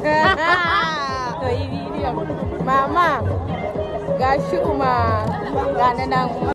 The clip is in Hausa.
to yi bidiyon mama ga shi kuma ga nan